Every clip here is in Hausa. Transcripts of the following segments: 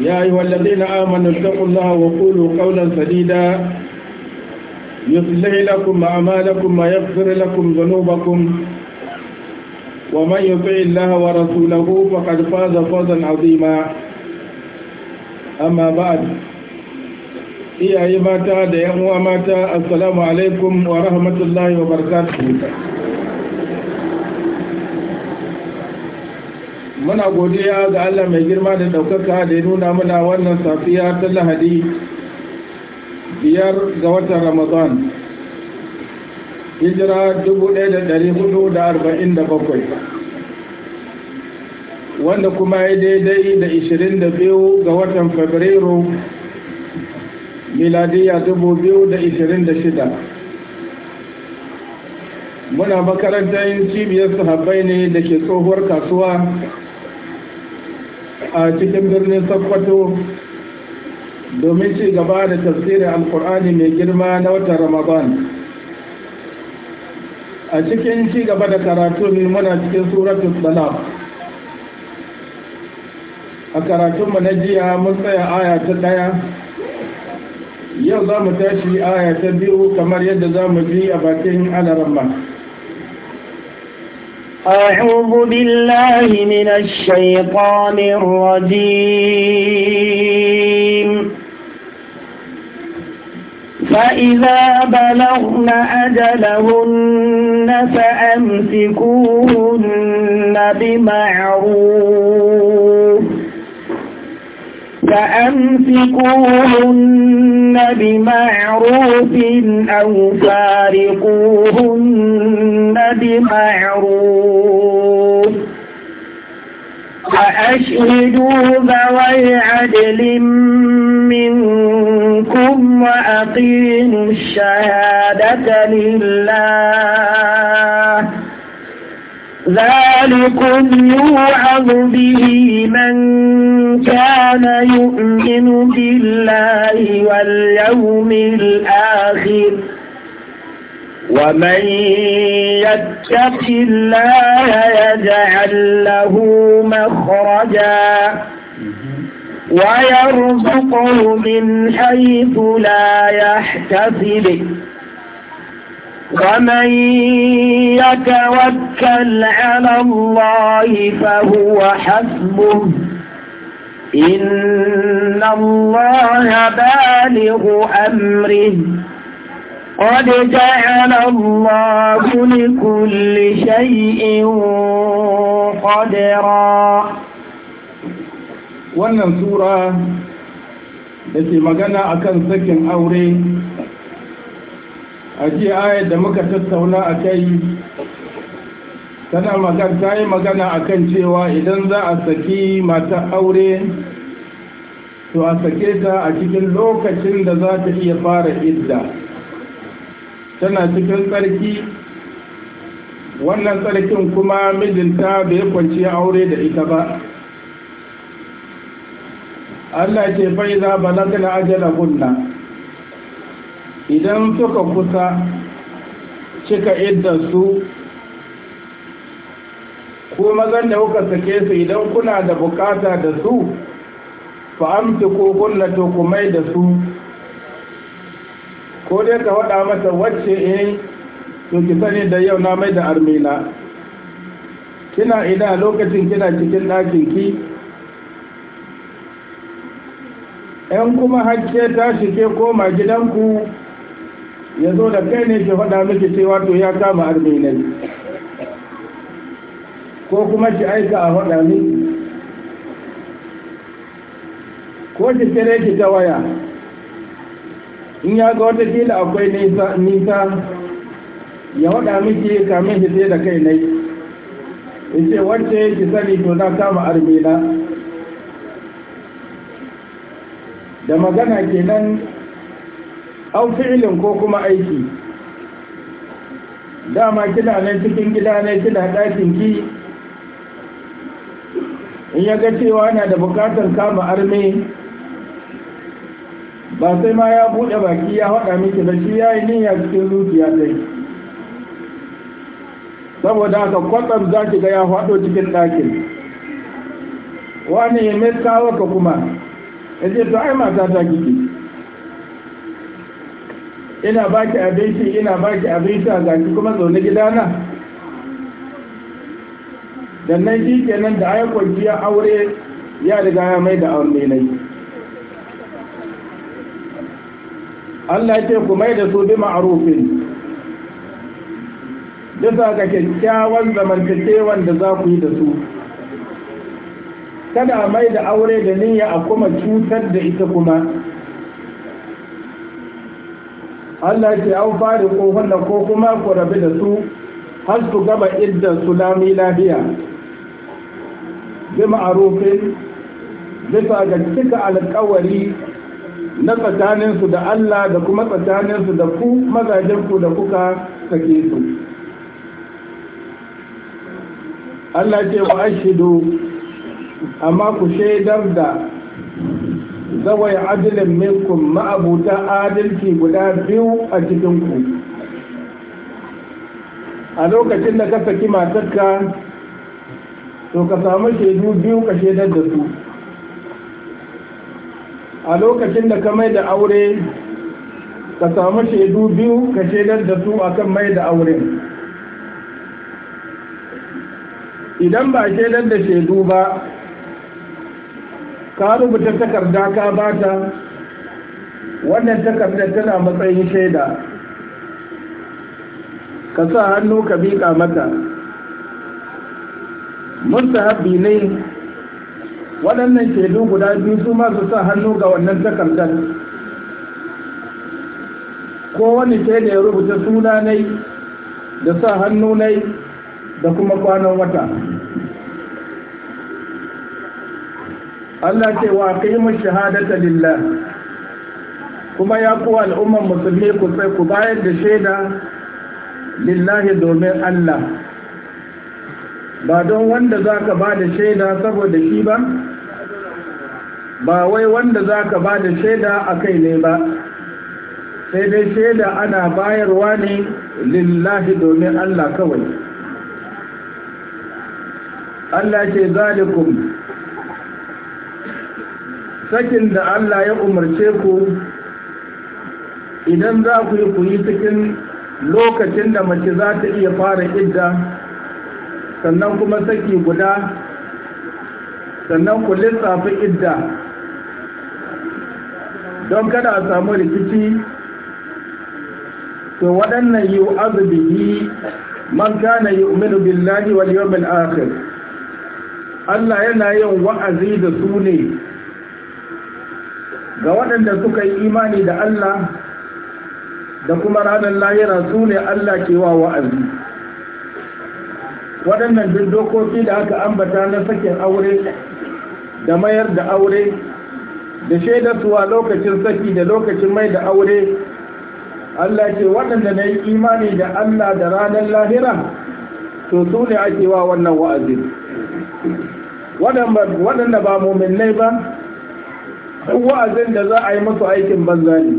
يا أيها الذين آمنوا اتقوا الله وقولوا قولا سديدا يصلح لكم أعمالكم ويغفر لكم ذنوبكم ومن يطع الله ورسوله فقد فاز فوزا عظيما أما بعد يا أيها السلام عليكم ورحمة الله وبركاته muna godiya ga Allah mai girma da ɗaukaka da ya nuna muna wannan safiya ta lahadi biyar ga watan ramadan hijira 1447 wanda kuma ya daidai da 22 ga watan fabrairu miladiya 2026 muna makarantar cibiyar sahabbai ne da ke tsohuwar kasuwa a cikin birnin Sokoto domin ci gaba da tafsirin Alkur'ani mai girma na watan Ramadan. A cikin ci gaba da karatu ne muna cikin suratul Salam. A karatunmu na jiya mun tsaya aya ta ɗaya, yau za mu tashi aya ta biyu kamar yadda za mu ji a bakin alaramma. أعوذ بالله من الشيطان الرجيم فإذا بلغن أجلهن فأمسكوهن بمعروف فأمسكوهن بمعروف أو فارقوهن بمعروف وأشهدوا ذوي عدل منكم وأقيموا الشهادة لله ذلكم يوعظ به من كان يؤمن بالله واليوم الآخر ومن يتق الله يجعل له مخرجا ويرزقه من حيث لا يحتسب ومن يتوكل على الله فهو حسبه إن الله بالغ أمره قد جعل الله لكل شيء قدرا wannan sura da ke magana akan sakin aure a ce ayar da muka tattauna a kai tana magana ta yi magana akan cewa idan za a saki mata aure to a sake ta a cikin lokacin da za ta iya fara idda tana cikin tsarki wannan tsarkin kuma mijinta bai kwanci aure da ita ba Allah ce ba za gina ajiyar gunna idan suka kusa cika su. ko mazan da kuka sake su idan kuna da bukata da su fa'amta ko gunna to kuma da su ko dai ka faɗa mata wacce eh to ki sani da yau na mai da armina kina ina lokacin kina cikin ɗakin ki ‘yan kuma hakke ta ke koma gidanku ya zo da kai ne ke faɗa miki cewa to ya kama arminai ko kuma ki aika a faɗa miki ko ki kere ki ta waya in ya ga wata fila akwai nisa ya waɗa miki kamin shi da kai nai in ce wacce ki sani to na kama armina da magana kenan an fi'ilin ko kuma aiki dama kina nan cikin gida ne kina ɗakin ki in ya ga cewa yana da bukatar kama armi ba sai ma ya buɗe baki ya haɗa miki da shi ya yi niyya cikin zuciya dai saboda haka kwatsam zaki ki ga ya cikin ɗakin wani mai kawo ka kuma ya ce to ai mata ta kiki ina baki abinci ina baki abinci ga ki kuma zaune gidana na shi kenan da ai kwanciya aure ya riga ya mai da aure nai Allah ce ku mai da su bi ma'arufin bisa ga kyakkyawan zamantakewan da za ku yi da su kada mai da aure da niyya a kuma cutar da ita kuma Allah ce an fari kohon ko kuma ku rabi da su har su gaba idda su lami lafiya bi ma'arufin bisa ga cika alkawari na tsakaninsu da Allah da kuma tsakaninsu da ku mazajenku da kuka sake su Allah ce wa ashidu amma ku shaidar da zawai adilin minkum ma'abuta adalci guda biyu a cikinku a lokacin da ka saki matarka to ka samu shaidu biyu ka shaidar da su a lokacin da ka mai da aure ka samu shaidu biyu ka shaidar da su akan mai da aure idan ba shaidar da shaidu ba ka rubuta takarda ka bata wannan takardar tana matsayin shaida ka sa hannu ka miƙa mata mustahabbi ne waɗannan shaidu guda biyu su ma sa hannu ga wannan takardar ko wani shaida ya rubuta suna nai da sa hannu nai da kuma kwanan wata Allah ce wa qimu shahadata lillah kuma ya kuwa al'umman musulmi ku sai ku bayar da shaida lillahi domin Allah ba don wanda za ka ba da shaida saboda shi ba ba wai wanda za ka ba da shaida a kai ne ba sai dai shaida ana bayarwa ne lillahi domin Allah kawai Allah ce zalikum sakin da Allah ya umarce ku idan za ku yi ku cikin lokacin da mace za ta iya fara idda sannan kuma saki guda sannan ku lissafi idda don kada a samu rikici to waɗannan yi azubihi man kana yu'minu billahi wal yawmil akhir Allah yana yin wa'azi da su ne ga waɗanda suka yi imani da Allah da kuma ranar lahira su ne Allah ke wa wa'azi waɗannan duk dokoki da aka ambata na sakin aure da mayar da aure da shaidar shaidarsuwa lokacin saki da lokacin mai da aure Allah ce waɗanda na yi imani da Allah da ranar lahira to su ne ake wa wannan wa'azi waɗanda ba mummunai ba wa'azin da za a yi musu aikin banza ne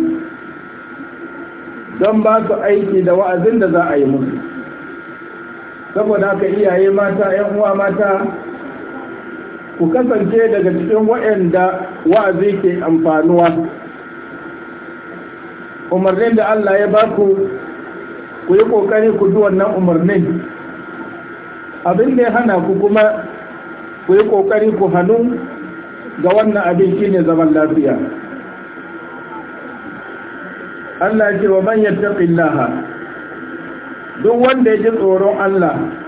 don ba su aiki da wa'azin da za a yi musu saboda haka iyaye mata 'yan uwa mata ku kasance daga cikin waɗanda wa'azi ke amfanuwa umarnin da Allah ya ba ku ku yi ƙoƙari ku ji wannan umarnin abin da ya hana ku kuma ku yi ƙoƙari ku hannu ga wannan abin ne zaman lafiya Allah ce wa man yattaqillaha duk wanda ya ji tsoron Allah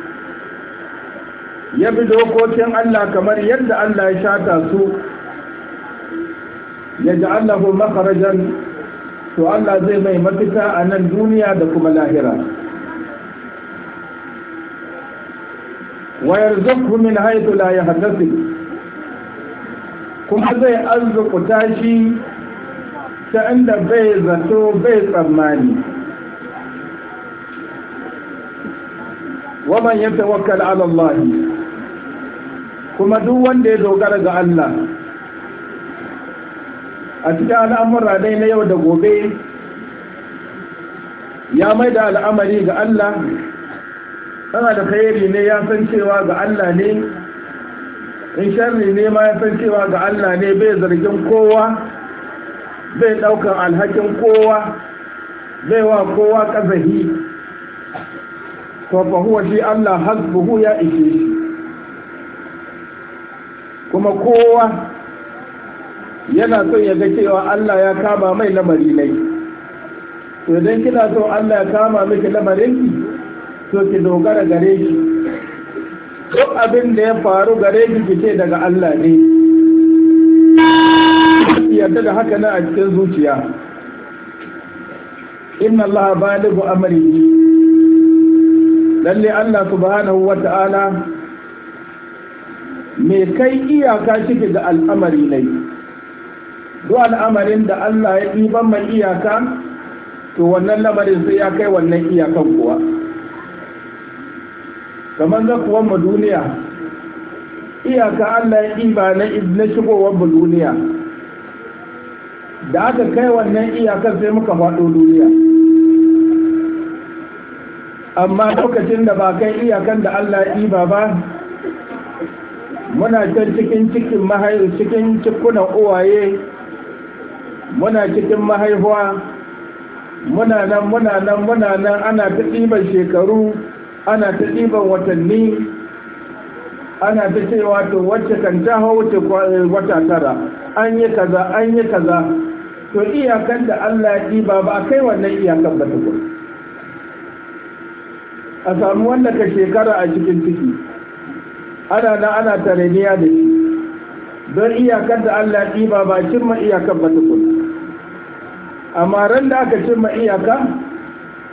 ya bi dokokin Allah kamar yadda Allah ya shata su ya ji Allah makarajan to Allah zai mai mafita a nan duniya da kuma lahira wayar zukku min haitu la ya kuma zai arzukuta shi ta inda bai zato bai tsammani ومن ya على الله kuma duk wanda ya dogara ga Allah a cikin al'amura dai na yau da gobe ya mai da al'amari ga Allah tana da khairi ne ya san cewa ga Allah ne in sharri ne ma ya san cewa ga Allah ne bai zargin kowa bai daukan alhakin kowa bai wa kowa kazahi to fahuwa shi Allah hasbuhu ya ishe shi kuma kowa yana so ya ga cewa Allah ya kama mai lamari nai to idan kina so Allah ya kama miki lamarin ki to ki dogara gare shi duk abin da ya faru gare ki ki daga Allah ne yarda da haka na a cikin zuciya inna Allah balighu amri lalle Allah subhanahu wata'ala mai kai iyaka shi da al'amari ne duk al'amarin da Allah ya ɗiban mai iyaka to wannan lamarin sai ya kai wannan iyakan kuwa kamar za kuwa mu duniya iyaka Allah ya ɗiba na shigowar mu duniya da aka kai wannan iyakan sai muka faɗo duniya amma lokacin da ba kai iyakan da Allah ya ɗiba ba muna can cikin cikin mahaifu cikin cikunan uwaye muna cikin mahaifuwa muna nan muna nan muna nan ana ta ɗiban shekaru ana ta ɗiban watanni ana ta cewa to wacce kan ta wuce wata tara an yi kaza an yi kaza to iyakan da Allah ya ɗiba ba a kai wannan iyakan ba tukun a samu wannan ka shekara a cikin ciki ana da ana tarayya da shi don iyakar da Allah ɗiba ba cimma iyakar ba tukun amma ran da aka cimma iyaka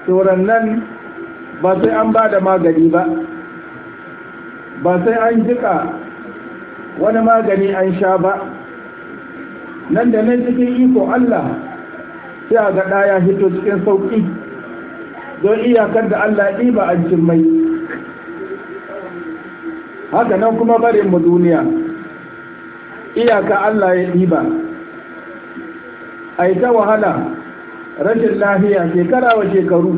turan nan ba sai an ba da magani ba ba sai an jika wani magani an sha ba nan da nan cikin iko Allah sai a ga ɗaya hito cikin sauƙi don iyakar da Allah ɗiba an cimmai haka nan kuma barin mu duniya iyaka Allah ya ɗiba a ta wahala rashin lafiya shekara wa shekaru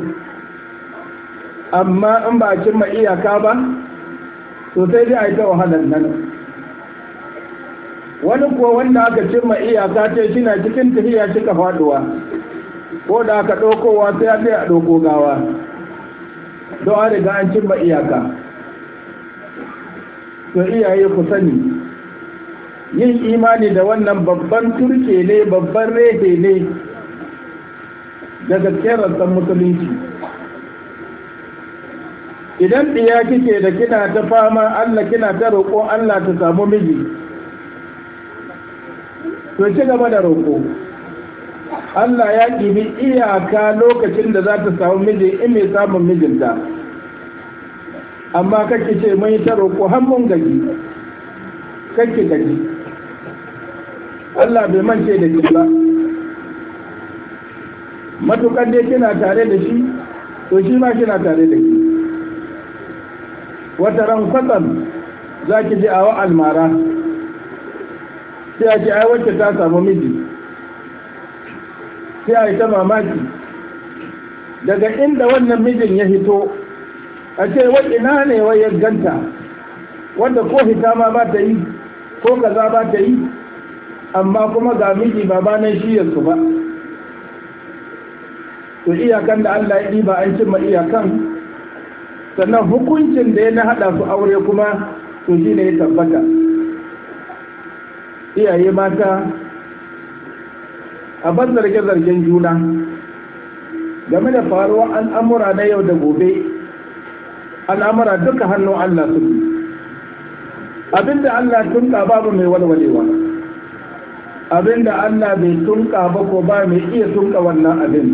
amma in ba a cimma iyaka ba to sai dai a ta wahalar nan wani kuwa wanda aka cimma iyaka ce kina cikin tafiya cika faduwa ko da aka ɗaukowa sai a ɗauko gawa don a riga an cimma iyaka to iyaye ku sani yin imani da wannan babban turke ne babban rete ne daga san musulunci idan ɗiya kike da kina ta fama allah kina ta roƙo allah ta samu miji to ci gaba da roƙo allah ya kibi iyaka lokacin da za ta samu miji in mai samun mijinta amma kake ce mai ta roƙo hannun gaji kake gaji Allah bai mance da shi ba matukan dai kina tare da shi to shi ma kina tare da shi wata ran kwatsam za ki ji awa almara sai a ce ai wacce ta samu miji sai a yi ta mamaki daga inda wannan mijin ya hito a ce wai ina ne wai ya ganta wanda ko hita ma ba ta yi ko kaza ba ta yi amma kuma ga miji ba ba nan shi yanzu ba to iyakan da Allah ya ba an cimma iyakan sannan hukuncin da ya na haɗa su aure kuma to shi ne ya tabbata iyaye mata a ban zarge-zargen juna game da faruwar al'amura na yau da gobe al'amura duka hannun Allah su abinda Allah tunka babu mai walwalewa abinda Allah bai tunka ba ko ba mai iya tunka wannan abin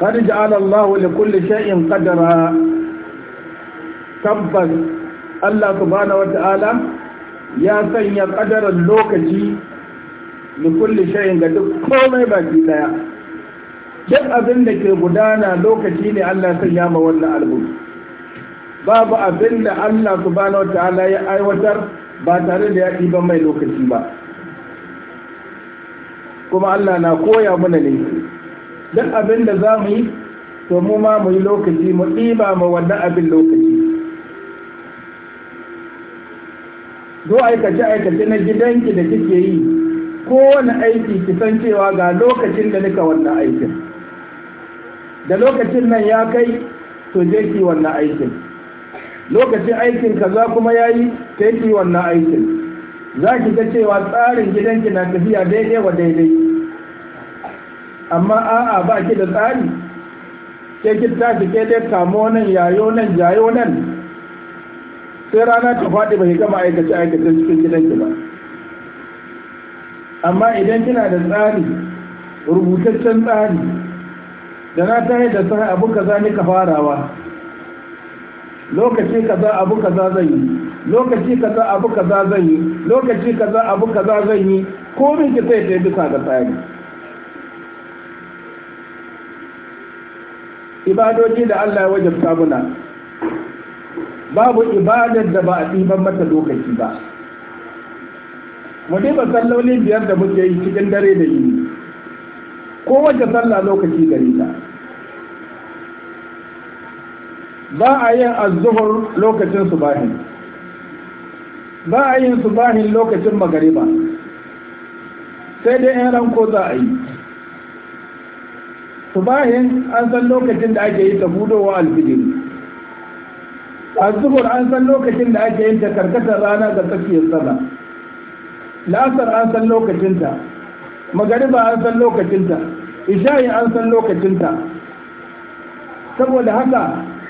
قد جعل الله sha'in شيء قدرا tabbas Allah subhanahu wata'ala ya sanya kadarar lokaci da kulle ga duk komai baki ɗaya. duk abin da ke gudana lokaci ne Allah sanya ma wannan al'umma babu abin da Allah subhanahu wataala ya aiwatar ba tare da ya ba mai lokaci ba kuma Allah na koya mana ne duk abin da za mu yi to mu ma mu yi lokaci mu ɗiba ma wannan abin lokaci do aikace aikace na gidanki da kike yi kowane aiki ki san cewa ga lokacin da nika wannan aikin da lokacin nan ya kai to je ki wannan aikin lokacin aikin kaza kuma ya yi sai yi wannan aikin za ki ga cewa tsarin gidanki na tafiya daidai wa daidai amma a'a ba ki da tsari ke ki tashi ke dai kamo nan yayo nan jayo nan sai rana ta faɗi bai gama aikace aikace cikin gidanki ba amma idan kina da tsari rubutaccen tsari da na tayi da sai abu kaza ni ka farawa lokaci kaza abu kaza zan yi lokaci kaza abu kaza zan yi lokaci kaza abu kaza zan yi komin ki sai ta yi bisa ga tsari ibadoji da Allah ya wajabta muna babu ibadar da ba a ɗiban mata lokaci ba mu ba sallolin biyar da muke yi cikin dare da yini ko wace sallah lokaci gari ta ba a yin azzuhur lokacin subahin ba a yin subahin lokacin magariba sai dai yan ranko za a yi subahin an san lokacin da ake yi ta budowa alfijiri azzuhur an san lokacin da ake yin ta karkatar rana ga tsakiyar sama la'asar an san lokacin ta. magariba an san lokacin ta. isha'i an san lokacinta saboda haka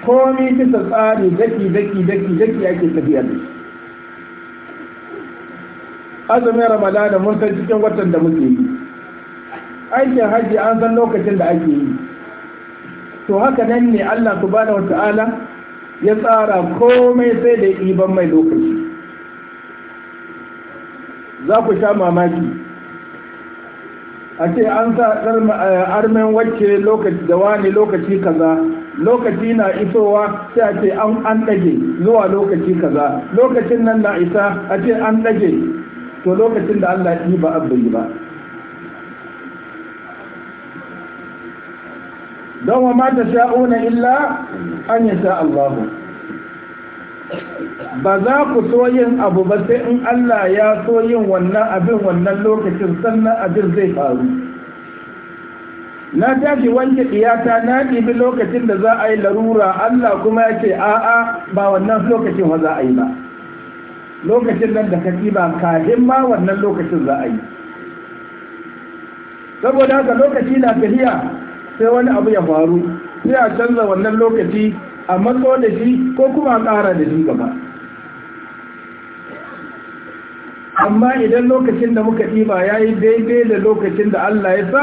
komi bisa tsari daki daki daki daki ake tafiya da azumin ramadana mun san cikin watan da muke yi aikin hajji an san lokacin da ake yi to haka nan ne allah subhanahu wa ta'ala ya tsara komai sai da iban mai lokaci za ku sha mamaki a ce an sa eh, armen wacce lokaci da wani lokaci kaza lokaci na isowa sai a ce an ɗage zuwa lokaci kaza lokacin nan na isa a ce an ɗage to lokacin da Allah yi ba abin ba don wa mata sha'una illa an yasha Allahu ba za ku so yin abu ba sai in Allah ya so yin wannan abin wannan lokacin sannan abin zai faru na tashi wanke ɗiyata na ɗibi lokacin da za a yi larura Allah kuma ya ce a'a ba wannan lokacin wa za a yi ba lokacin nan da ka ba kahin ma wannan lokacin za a yi saboda haka lokaci na tafiya sai wani abu ya faru sai a canza wannan lokaci a matso da shi ko kuma ƙara da shi gaba amma idan lokacin da muka ɗiba ya yi daidai da lokacin da Allah ya sa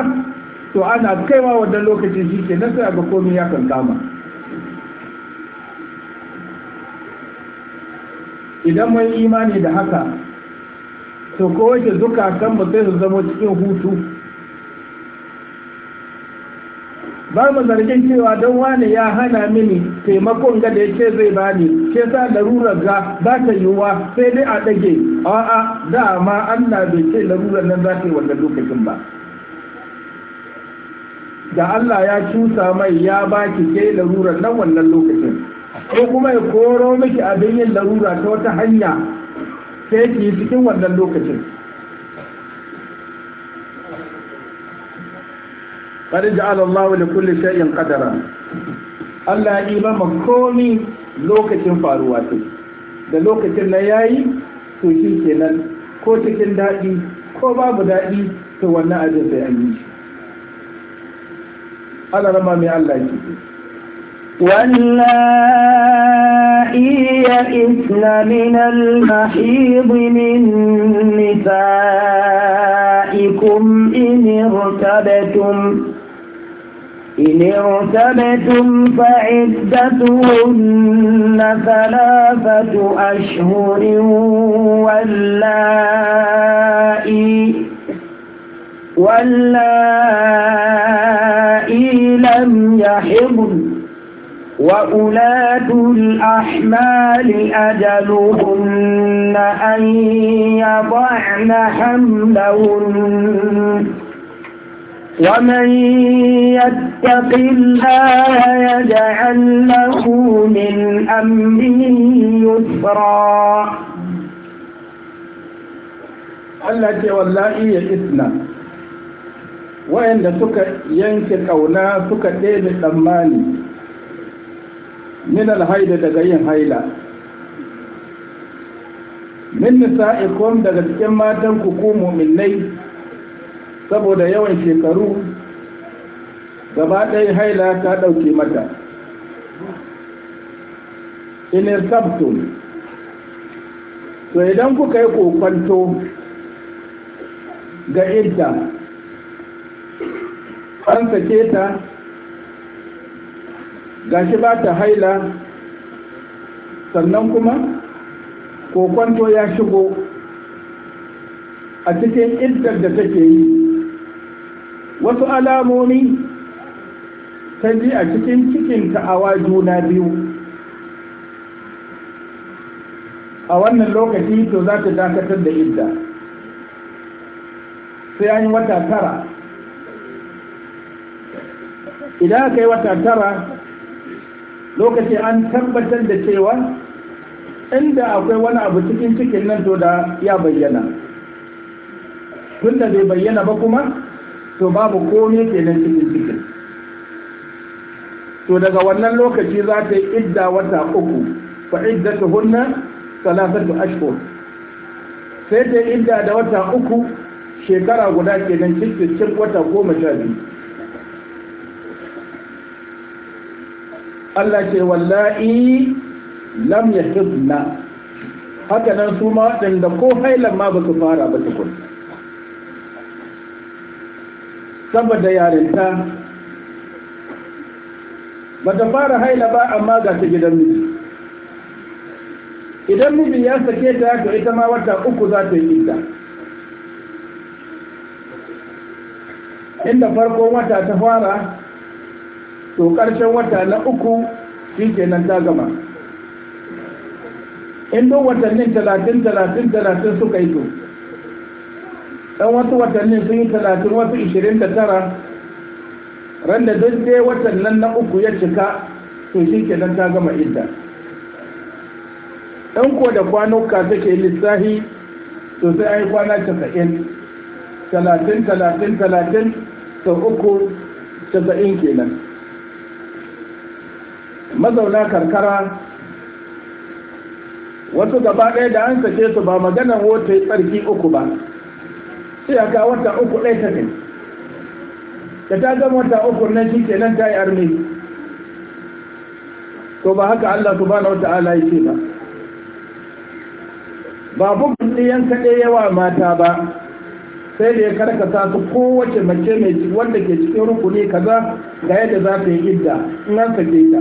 to ana kaiwa wadda lokacin shi ke nasa ga komi ya kan kama idan mun imani da haka to kowace zuka kan sai zama cikin hutu ba mu zargin cewa don wani ya hana mini taimakon ga da yake zai bani ke sa larurar ga ba ta yiwuwa sai dai a ɗage a'a dama Allah bai ce larurar nan za ta yi wannan lokacin ba da Allah ya cusa mai ya baki ke larurar nan wannan lokacin ko kuma ya koro miki abin yin larura ta wata hanya sai ki cikin wannan lokacin qad ja'ala da li kulli shay'in qadara Allah ya ba ma komi lokacin faruwa ce da lokacin na yayi to shi kenan ko cikin daɗi ko babu daɗi to wannan abin sai an yi shi Allah rama mai Allah ki واللائي يئسن من المحيض من نسائكم إن ارتبتم إن ارتبتم فعدتهن ثلاثة أشهر واللائي واللائي لم يحضن وأولاة الأحمال أجلهن أن يضعن حملهن ومن يتق الله يجعل له من أمره يسرا التي واللائي إيه يئسنا وإن سك ينك كونا سك تيب الثماني من الهيدة تغيين هيلة من نسائكم دغتكم ما تنكو كومو من نيس saboda yawan shekaru gaba ɗaya haila ta ɗauke mata inir tabtum to idan kuka yi kokwanto ga idda an sake ta shi ba ta haila sannan kuma kokwanto ya shigo a cikin iddar da take yi wasu alamomi ta ji a cikin cikin awa juna biyu a wannan lokaci to za ta dakatar da idda sai an wata tara idan aka yi wata tara lokaci an tabbatar da cewa inda akwai wani abu cikin cikin nan to da ya bayyana tun da bai bayyana ba kuma to babu komai kenan cikin cikin to daga wannan lokaci za ta yi idda wata uku fa iddatu hunna salasatu ashhur sai ta yi idda da wata uku shekara guda kenan cikin wata goma sha biyu Allah ce wallahi lam yahibna haka nan su ma da ko hailan ma ba su fara ba tukun saboda yarinta ba ta fara haila ba amma ga ta gidan miji idan miji ya sake ta to ita ma wata uku za ta yi ta. inda farkon wata ta fara to ƙarshen wata na uku shi kenan ta gama in watannin talatin talatin talatin suka yi to dan wasu watannin sun yi talatin wasu ishirin da tara ran da duk dai watan nan na uku ya cika to shi nan ta gama idda dan ko da kwanuka suke lissahi to sai ai kwana casa'in talatin talatin talatin sau uku casa'in kenan mazauna karkara wasu gaba ɗaya da an sake su ba maganar wata tsarki uku ba sai ka wata uku ɗaya ta kai da ta zama wata uku na shi ke nan ta yi armi to ba haka Allah subhanahu wata'ala ya ce ba ba bugun ɗiyan kaɗai yawa mata ba sai da ya karkata su kowace mace mai wanda ke cikin rukuni kaza ga yadda za ta yi idda in an sake ta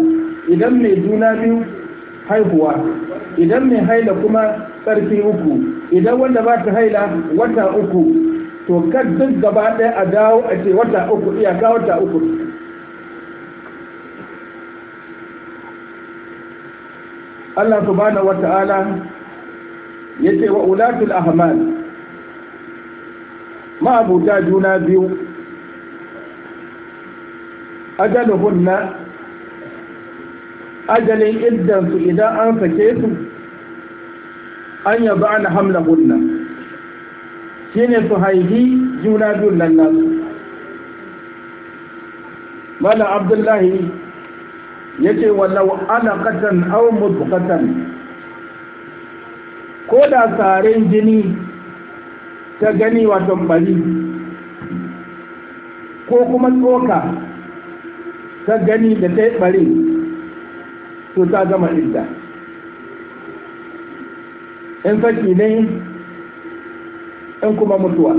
idan mai juna biyu haihuwa idan mai haila kuma tsarki uku idan wanda ba ta haila wata uku to kan duk gaba ɗaya a dawo a ce wata uku iyaka wata uku Allah subhanahu wata'ala ya ce wa ulatul ahmal ma'abuta juna biyu ajaluhunna ajalin iddansu idan an sake su an yaba an hunna shine biyu lallan su mala abdullahi ya ce walau alaƙatan au mutukatan ko da tsarin jini ta gani wato bari ko kuma tsoka ta gani da ta yi bari to ta gama idda in saki ne in kuma mutuwa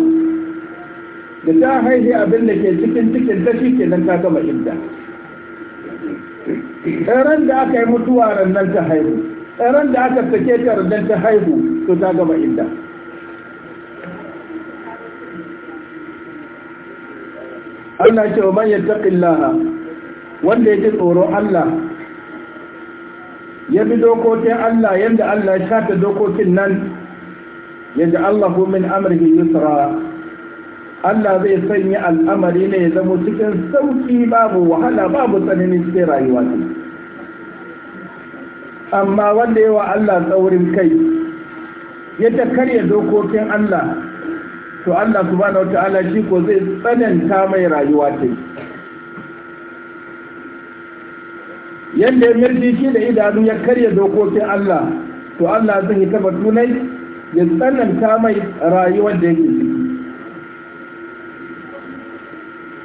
da ta haihe abin da ke cikin cikin ta shi ke nan ta gama inda ɗaran da aka yi mutuwa rannan ta haihu ɗaran da aka sake ta rannan ta haihu to ta gama inda Allah ce wa man yattaqillaha wanda ya ji tsoro Allah ya bi dokokin Allah yadda Allah ya shata dokokin nan allahu min amrihi yusra Allah zai sanya al'amari ne ya zama cikin sauki babu wahala babu tsanani cikin rayuwa ne amma wanda yawa Allah tsaurin kai ya ta karya dokokin Allah to Allah subhanahu ta'ala shi ko zai tsananta mai rayuwa ce yadda ya mirji shi da idanu ya karya dokokin Allah to Allah zai taba tunai ya tsananta mai rayuwar da yake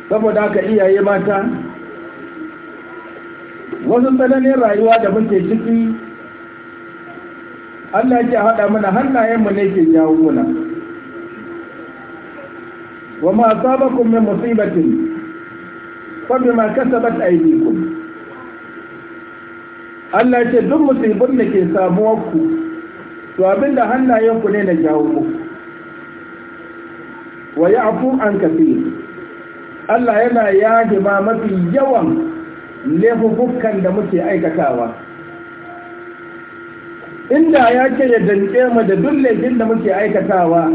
saboda aka iyaye mata wasu tsananin rayuwa da muke ciki Allah ke haɗa mana hannayenmu ne ke jawo muna wa ma asabakum min musibatin fa bima kasabat aydikum Allah ce duk musibin da ke samuwa ku to abin da hannayenku ne na jawo ku wa ya afu an kafi Allah yana yaje ma mafi yawan laifukan da muke aikatawa inda ya ce ya danke mu da duk laifin da muke aikatawa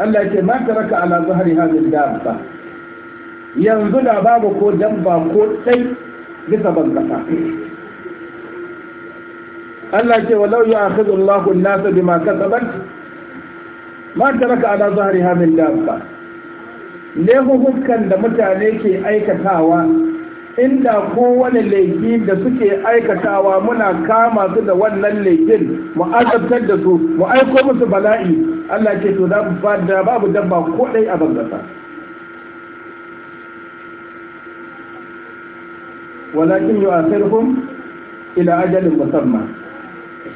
Allah ce ma raka ala zuhari hadin dabba yanzu da babu ko dabba ko tsai bisa ban Allah ce wa lau yi a Allahu Allahun nasa kasa ba ma raka ala zahri hadhihi dabba laifukan da mutane ke aikatawa inda kowane laifi da suke aikatawa muna kama su da wannan laifin mu azabtar da su mu aiko musu bala'i Allah ce to da babu dabba ko dai a bangasa walakin yu'akhiruhum ila ajalin musamman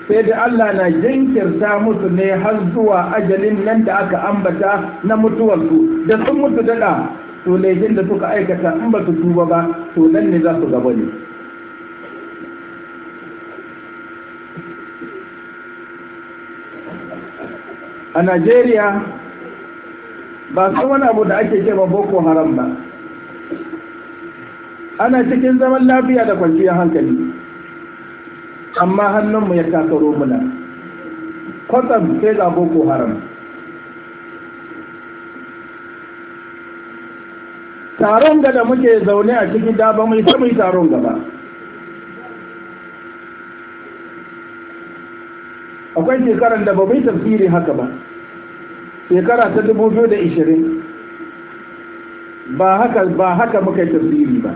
sai da Allah na jinkirta musu ne har zuwa ajalin nan da aka ambata na mutuwarsu da sun mutu daɗa to laifin da suka aikata in ba su tuba ba to nan ne za su gaba ne a Najeriya ba su wani abu da ake cewa boko haram ba ana cikin zaman lafiya da kwanciyar hankali amma hannunmu ya kakaro muna kwatsam sai ga boko haram taron da muke zaune a cikin daba mai samun taron gaba akwai shekarar da ba mai tafsiri haka ba shekara ta 2020 da ishirin ba haka muka yi tafsiri ba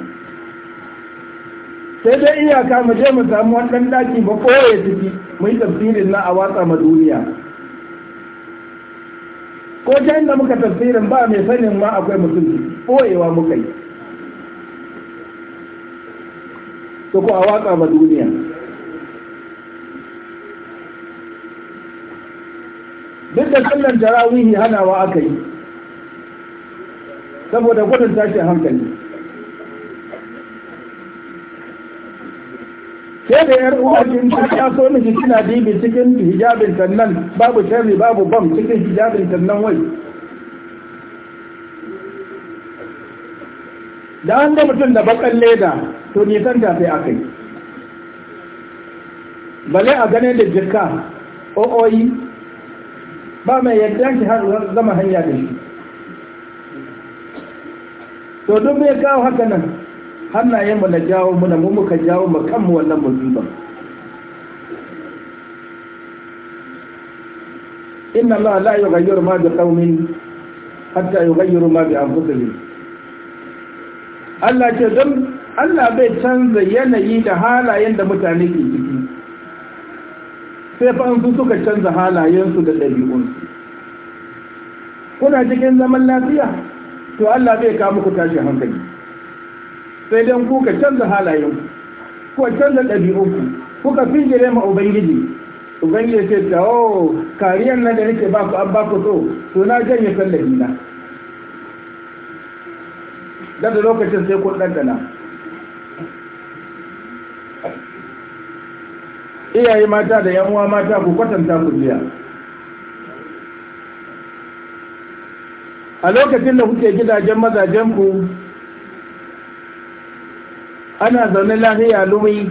sai dai iyaka mu je mu samu wani daki ba koye ciki mu yi tafsirin na a watsa ma duniya ko ta inda muka tafsirin ba mai sanin ma akwai mutum koyewa muka yi to ko a watsa ma duniya duk da sallan tarawihi hanawa aka yi saboda gudun tashin hankali Ko da yar uwajin ta ya so miki kina dibi cikin hijabin sannan babu sharri babu bam cikin hijabin sannan wai da an ga mutum da bakan leda to nisan ta sai akai bale a ganin da jikka o'oyi ba mai yadda ki har zama hanya da shi to duk ya kawo haka nan hannayenmu na jawo muna mu muka jawo mu kanmu wannan musibar inna Allah la yughayyiru ma bi qaumin hatta yughayyiru ma bi anfusihim Allah ce don Allah bai canza yanayi da halayen da mutane ke ciki sai fa su suka canza halayensu da ɗabi'unsu kuna cikin zaman lafiya to Allah bai kawo muku tashi hankali sai dan kuka canza halayen ku canza ɗabi'unku kuka fi fingire ma ubangiji ubangiji ce ta o kariyan nan da nake ba ku an ba ku so to na janye sallahi na da da lokacin sai kun na. iyaye mata da yan uwa mata ku kwatanta ku jiya a lokacin da kuke gidajen mazajen ku ana zaune lahiya lumi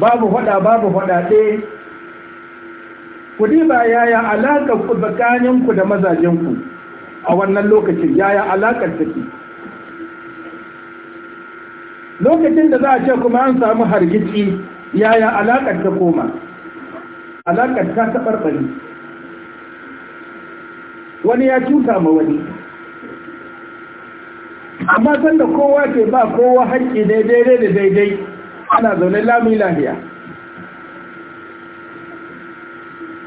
babu hada babu faɗaɗe ku ba yaya alaƙar ku tsakaninku da mazajenku a wannan lokacin yaya alaƙar take lokacin da za a ce kuma an samu hargitsi yaya alaƙar ta koma alaƙar ta taɓarɓari wani ya cuta ma wani amma sanda kowa ke ba kowa haƙƙi daidai da daidai ana zaune lamun lahiya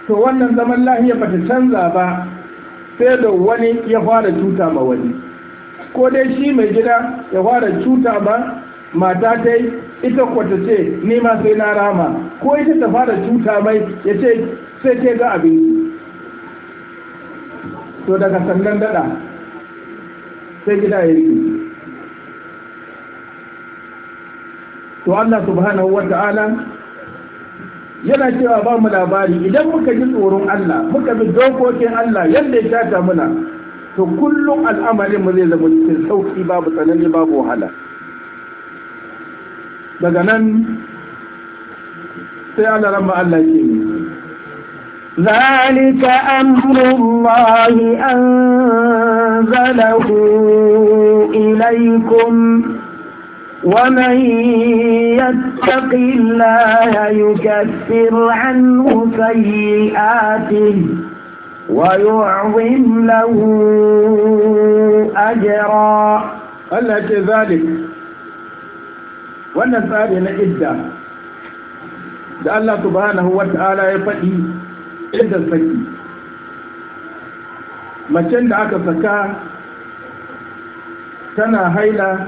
to wannan zaman lahiya ba ta canza ba sai da wani ya fara cuta ma wani ko dai shi mai gida ya fara cuta ba mata ta yi ita kwata ce nema sai na rama ko ita ta fara cuta mai ya ce sai ke ga abinci to daga sannan dada sai gida ya yi to Allah subhanahu wa ta'ala yana cewa ba mu labari idan muka ji tsoron Allah muka bi dokokin Allah yadda ya tata muna to kullum al'amarin mu zai zama cikin sauki babu tsanani babu wahala daga nan sai Allah ramba Allah ke ne ذلك أمر الله أنزله إليكم ومن يتق الله يكفر عنه سيئاته ويعظم له أجرا الا كذلك وانا سألي نئدى لألا سبحانه وتعالى يفئي إذا سكي ما شند عكا سكا تنا هيلا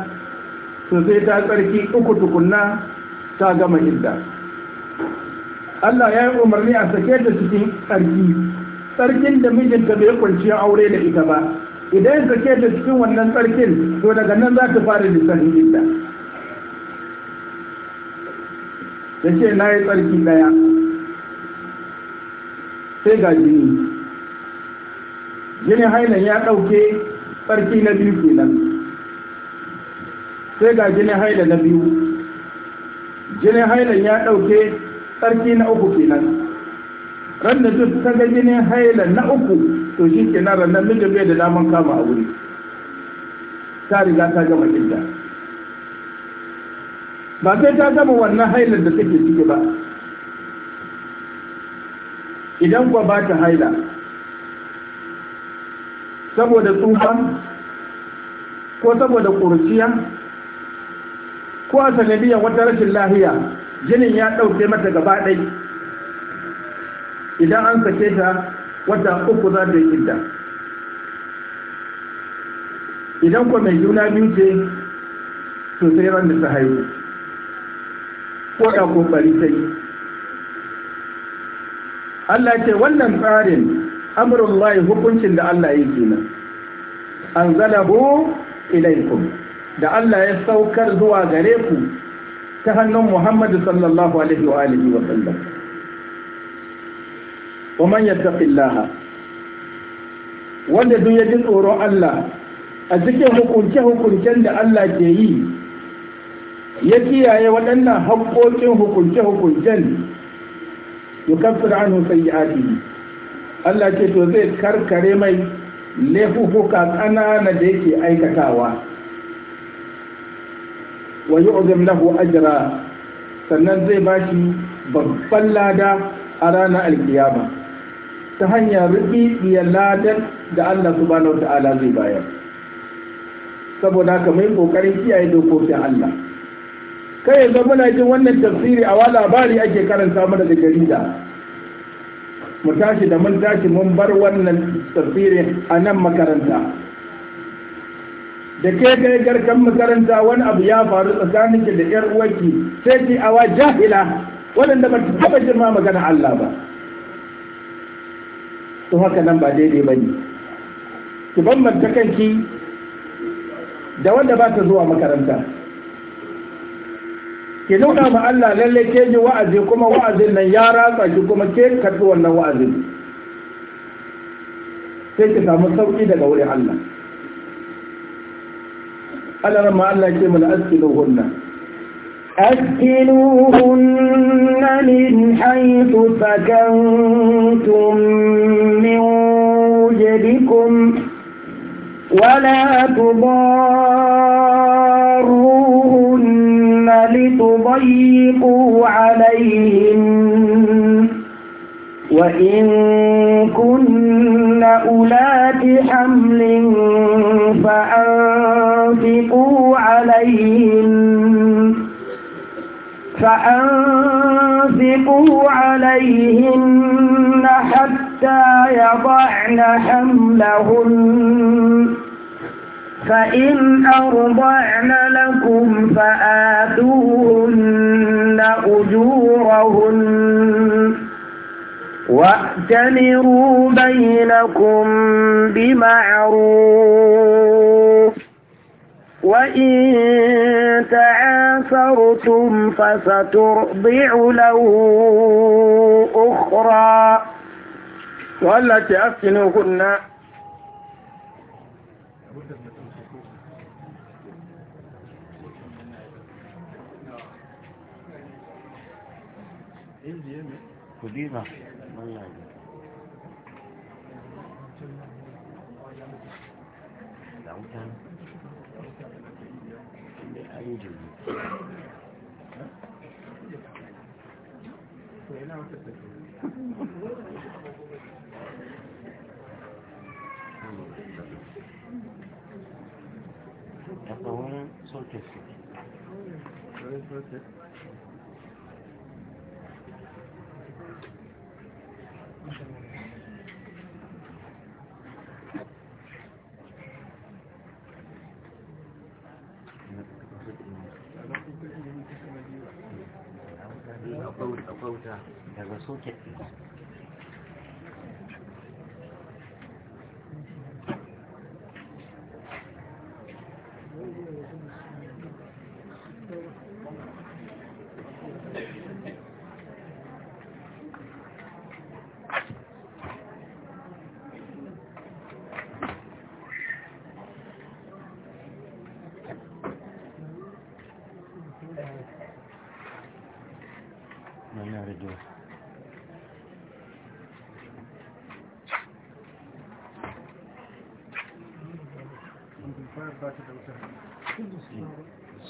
to sai ta tsarki uku tukunna ta gama idda Allah ya yi umarni a sake da cikin tsarki tsarkin da mijinta bai kwanci aure da ita ba idan ya sake da cikin wannan tsarkin to daga nan za ta fara tsarki idda ta ce na yi tsarki ɗaya sai ga jini jini hailan ya ɗauke tsarki na biyu kenan sai ga jinin haila na biyu jinin hailan ya ɗauke tsarki na uku kenan ran da duk ta ga jinin haila na uku to shi kenan rannan mijin bai da daman kama a wuri ta riga ta gama gidda ba sai ta gama wannan hailan da take ciki ba idan kuwa ba ta haila saboda tsufa ko saboda ƙurciya ko a sanadiyar wata rashin lahiya jinin ya ɗauke mata gaba ɗai idan an sake ta wata uku za ta yi idda idan kuma mai juna biyu ce to ran da ta haihu ko da ko bari sai Allah ce wannan tsarin amurin hukuncin da Allah yake nan an ilaikum da Allah ya saukar zuwa gare ku ta hannun Muhammadu sallallahu alaihi wa alihi wa sallam wa man Laha wanda duk ya ji tsoron Allah a cikin hukunce-hukuncen da Allah ke yi ya kiyaye waɗannan haƙoƙin hukunce-hukuncen yukaffir anhu sayyi'atihi Allah ce to zai karkare mai laifuka ƙanana da yake aikatawa wa yu'zim lahu ajra sannan zai bashi babban lada a ranar alkiyama ta hanyar rubiyar ladar da Allah subhanahu ta'ala zai bayar saboda kamar mai kokarin kiyaye dokokin Allah kai yanzu muna jin wannan tafsiri a wala labari ake karanta mana da jarida mu tashi da mun tashi mun bar wannan tafsirin a nan makaranta da ke ga garkan makaranta wani abu ya faru tsakanin da yar uwarki sai ki awa jahila waɗanda ba ta taɓa girma magana Allah ba to haka nan ba daidai ba ne ki bambanta kanki da wanda ba ta zuwa makaranta ki nuna ma Allah lalle ke ji wa'azi kuma wa'azin nan ya ratsa ki kuma ke karɓi wannan wa'azin sai ki samu sauƙi daga wurin Allah ana رمى الله يجب أن أسكنوهن أسكنوهن من حيث سكنتم من وجدكم ولا تضاروهن لتضيقوا عليهن وإن كن أولات حمل فأنتم فأنفقوا عليهن حتى يضعن حملهن فإن أرضعن لكم فآتوهن أجورهن وأتمروا بينكم بمعروف وإن تعاثرتم فسترضع له أخرى والتي أفتنوهن قديمة 약간 서울 테스트. 서울 테스트. daga soket ɗin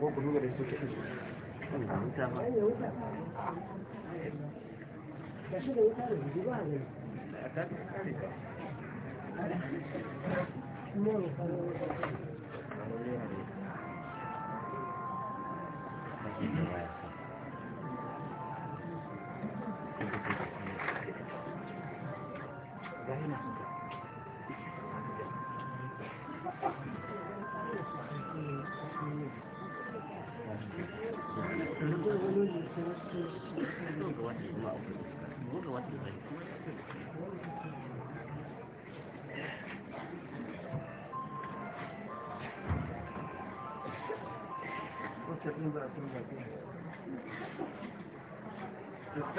ko ku nuna da su Thank you.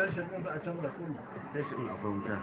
sashen ɗin ba a can ba kuma sashen akwai wuta